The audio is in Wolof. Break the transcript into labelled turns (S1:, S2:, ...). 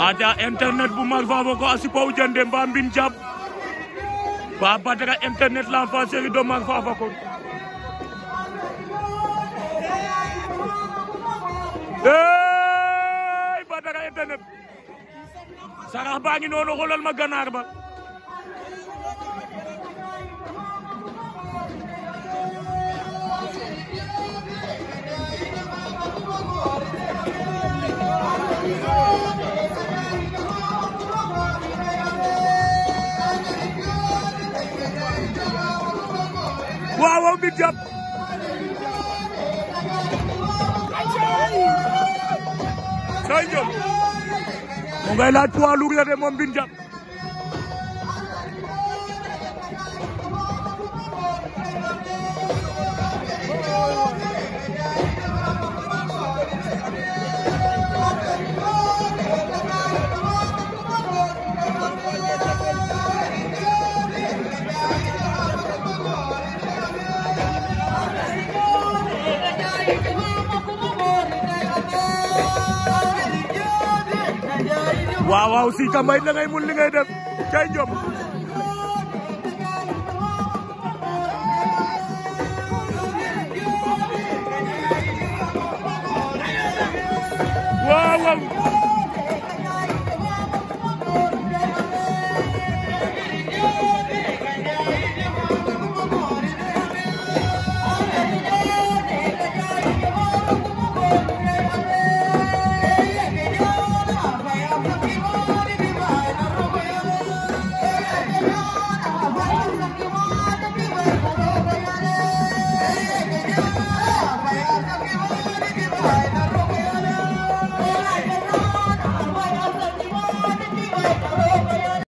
S1: ada internet bu mar fafo ko a sipaw jande mba mbin jab ba badara internet l'enfant chéri mar fafa kon ey badara internet sarax baa ngi noonu xolal ma ganaar ba
S2: waaw waaw Mbine Diop
S3: Ndiaye Diop
S4: mu ngay
S5: waaw waaw si kambay da ngay mun li ngay def cay jom
S6: waaw